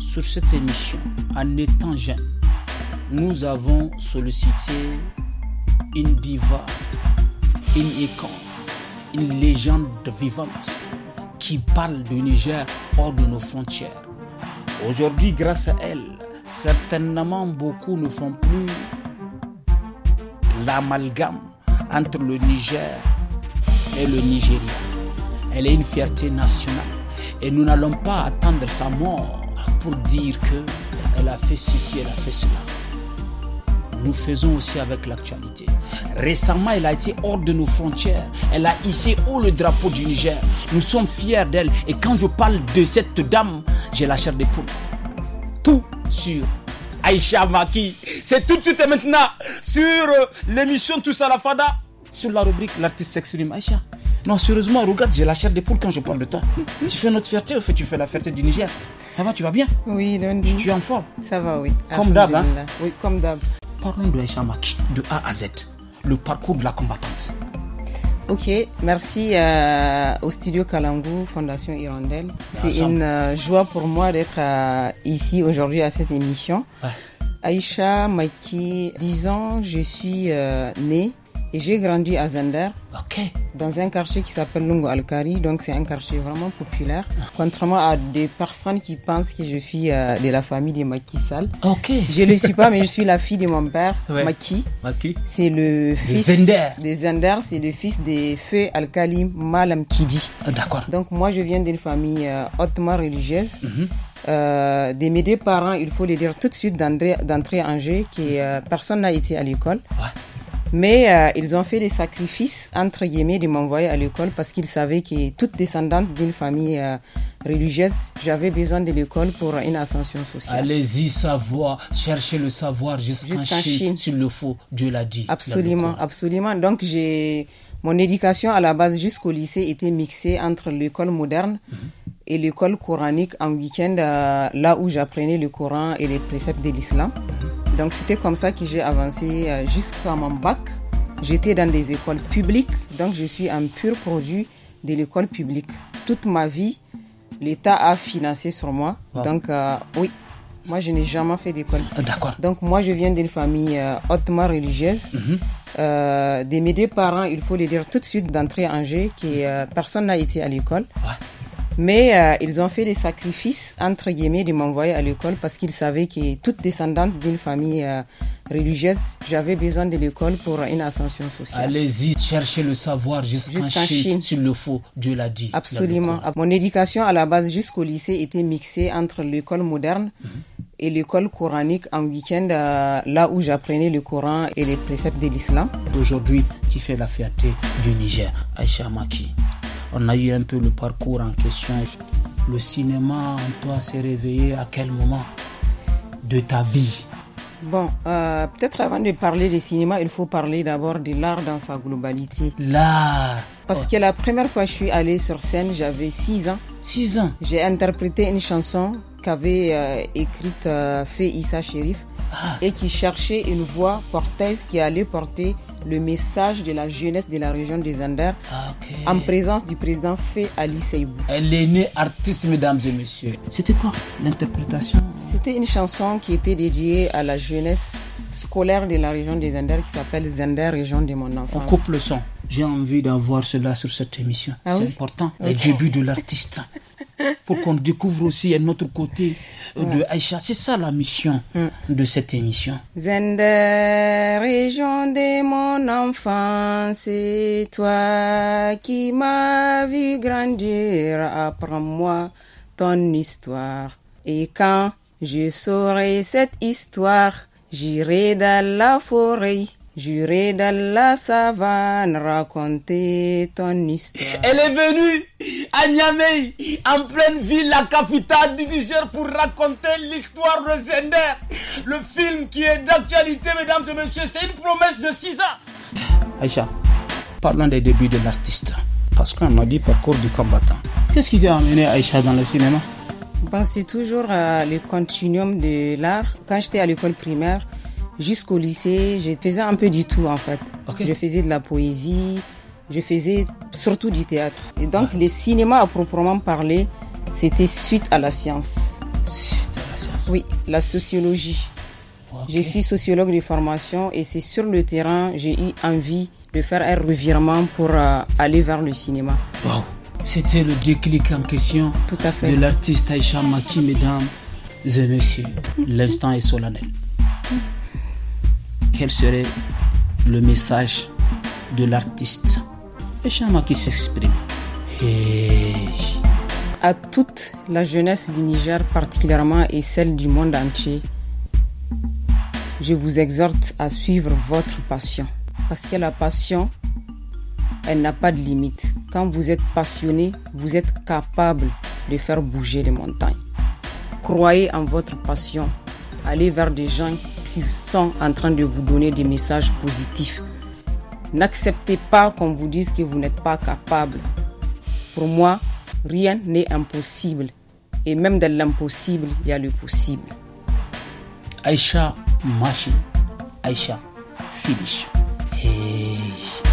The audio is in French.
sur cette émission, en étant jeune, nous avons sollicité une diva, une icône, une légende vivante qui parle du Niger hors de nos frontières. Aujourd'hui, grâce à elle, certainement beaucoup ne font plus l'amalgame entre le Niger et le Nigeria. Elle est une fierté nationale et nous n'allons pas attendre sa mort pour dire que elle a fait ceci, elle a fait cela. Nous faisons aussi avec l'actualité. Récemment, elle a été hors de nos frontières. Elle a hissé haut le drapeau du Niger. Nous sommes fiers d'elle. Et quand je parle de cette dame, j'ai la chair des poules. Tout sur Aïcha Maki. C'est tout de suite et maintenant sur euh, l'émission Tous à Sur la rubrique L'artiste s'exprime Aïcha. Non, sérieusement, regarde, j'ai la chair des poules quand je parle de toi. Tu fais notre fierté, au fait, tu fais la fierté du Niger. Ça va, tu vas bien Oui, non, Tu, es en forme Ça va, oui. Comme d'hab, hein Oui, comme d'hab. Parlons de Aïcha Maki, de A à Z, le parcours de la combattante. Ok, merci euh, au studio Kalangu, Fondation Hirondelle. C'est une euh, joie pour moi d'être euh, ici aujourd'hui à cette émission. Aïcha Maki, 10 ans, je suis née et j'ai grandi à Zender, dans un quartier qui s'appelle Lungo Alkari, donc c'est un quartier vraiment populaire. Contrairement à des personnes qui pensent que je suis euh, de la famille des Makisal... Je ne le suis pas, mais je suis la fille de mon père, Maki. C'est le fils Zender. Des Zender, c'est le fils des feux Alkali Malam Kidi. Ah, d'accord. Donc moi, je viens d'une famille euh, hautement religieuse. Mhm. Euh, de mes deux parents, il faut les dire tout de suite d'entrée en jeu, que euh, personne n'a été à l'école. Ouais. Mais euh, ils ont fait des sacrifices, entre guillemets, de m'envoyer à l'école parce qu'ils savaient que toute descendante d'une famille euh, religieuse, j'avais besoin de l'école pour une ascension sociale. Allez-y, savoir, chercher le savoir jusqu'en Chine, s'il le faut, Dieu l'a dit. Absolument, absolument. Donc j'ai... Mon éducation à la base jusqu'au lycée était mixée entre l'école moderne, mhm et l'école coranique en week-end, euh, là où j'apprenais le Coran et les préceptes de l'islam. Donc c'était comme ça que j'ai avancé euh, jusqu'à mon bac. J'étais dans des écoles publiques, donc je suis un pur produit de l'école publique. Toute ma vie, l'État a financé sur moi. Ah. Donc euh, oui, moi je n'ai jamais fait d'école. Ah, d'accord. Donc moi je viens d'une famille hautement religieuse. Des mhm. de mes deux parents, il faut le dire tout de suite d'entrée en jeu, que personne n'a été à l'école. Mais euh, ils ont fait des sacrifices, entre guillemets, de m'envoyer à l'école parce qu'ils savaient que toute descendante d'une famille euh, religieuse, j'avais besoin de l'école pour une ascension sociale. Allez-y, cherchez le savoir jusqu'en Chine, s'il le faut, Dieu l'a dit. Absolument. Mon éducation à la base jusqu'au lycée était mixée entre l'école moderne mhm. et l'école coranique en week-end, euh, là où j'apprenais le Coran et les préceptes de l'islam. Aujourd'hui, qui fait la fierté du Niger, Aïcha Maki on a eu un peu le parcours en question. Le cinéma en toi s'est réveillé à quel moment de ta vie Bon, euh, peut-être avant de parler du cinéma, il faut parler d'abord de l'art dans sa globalité. L'art Parce que la première fois que je suis allée sur scène, j'avais 6 ans. 6 ans J'ai interprété une chanson qu'avait euh, écrite euh, Fé Issa ah. et qui cherchait une voix portaise qui allait porter le message de la jeunesse de la région des Anders ah, en présence du président Fé Ali Seibou. Elle est née artiste, mesdames et messieurs. C'était quoi l'interprétation C'était une chanson qui était dédiée à la jeunesse scolaire de la région des Anders qui s'appelle Zender, région de mon enfance. On coupe le son. J'ai envie d'avoir cela sur cette émission. Ah C'est important. Le début de l'artiste pour qu'on découvre aussi un autre côté euh, de Aïcha. C'est ça la mission mm. de cette émission. Zender, région de mon enfance, c'est toi qui m'as vu grandir. Apprends-moi ton histoire. Et quand je saurai cette histoire, j'irai dans la forêt Juré dans la savane, raconter ton histoire. Elle est venue à Niamey, en pleine ville, la capitale du Niger, pour raconter l'histoire de Zender. Le film qui est d'actualité, mesdames et messieurs, c'est une promesse de 6 ans. Aïcha, parlons des débuts de l'artiste. Parce qu'on m'a dit parcours du combattant. Qu'est-ce qui t'a amené Aïcha dans le cinéma bon, C'est toujours à euh, le continuum de l'art. Quand j'étais à l'école primaire, Jusqu'au lycée, je faisais un peu du tout en fait. Je faisais de la poésie, je faisais surtout du théâtre. Et donc le cinéma à proprement parler, c'était suite à la science. Suite à la science Oui, la sociologie. Je suis sociologue de formation et c'est sur le terrain que j'ai eu envie de faire un revirement pour euh, aller vers le cinéma. Wow. C'était le déclic en question de l'artiste Aïcha Maki, mesdames et messieurs. L'instant est solennel quel serait le message de l'artiste Le chama qui s'exprime. À toute la jeunesse du Niger particulièrement et celle du monde entier, je vous exhorte à suivre votre passion. Parce que la passion, elle n'a pas de limite. Quand vous êtes passionné, vous êtes capable de faire bouger les montagnes. Croyez en votre passion Allez vers des gens qui sont en train de vous donner des messages positifs. N'acceptez pas qu'on vous dise que vous n'êtes pas capable. Pour moi, rien n'est impossible. Et même dans l'impossible, il y a le possible. Aïcha machine. Aïcha, finish. Hey.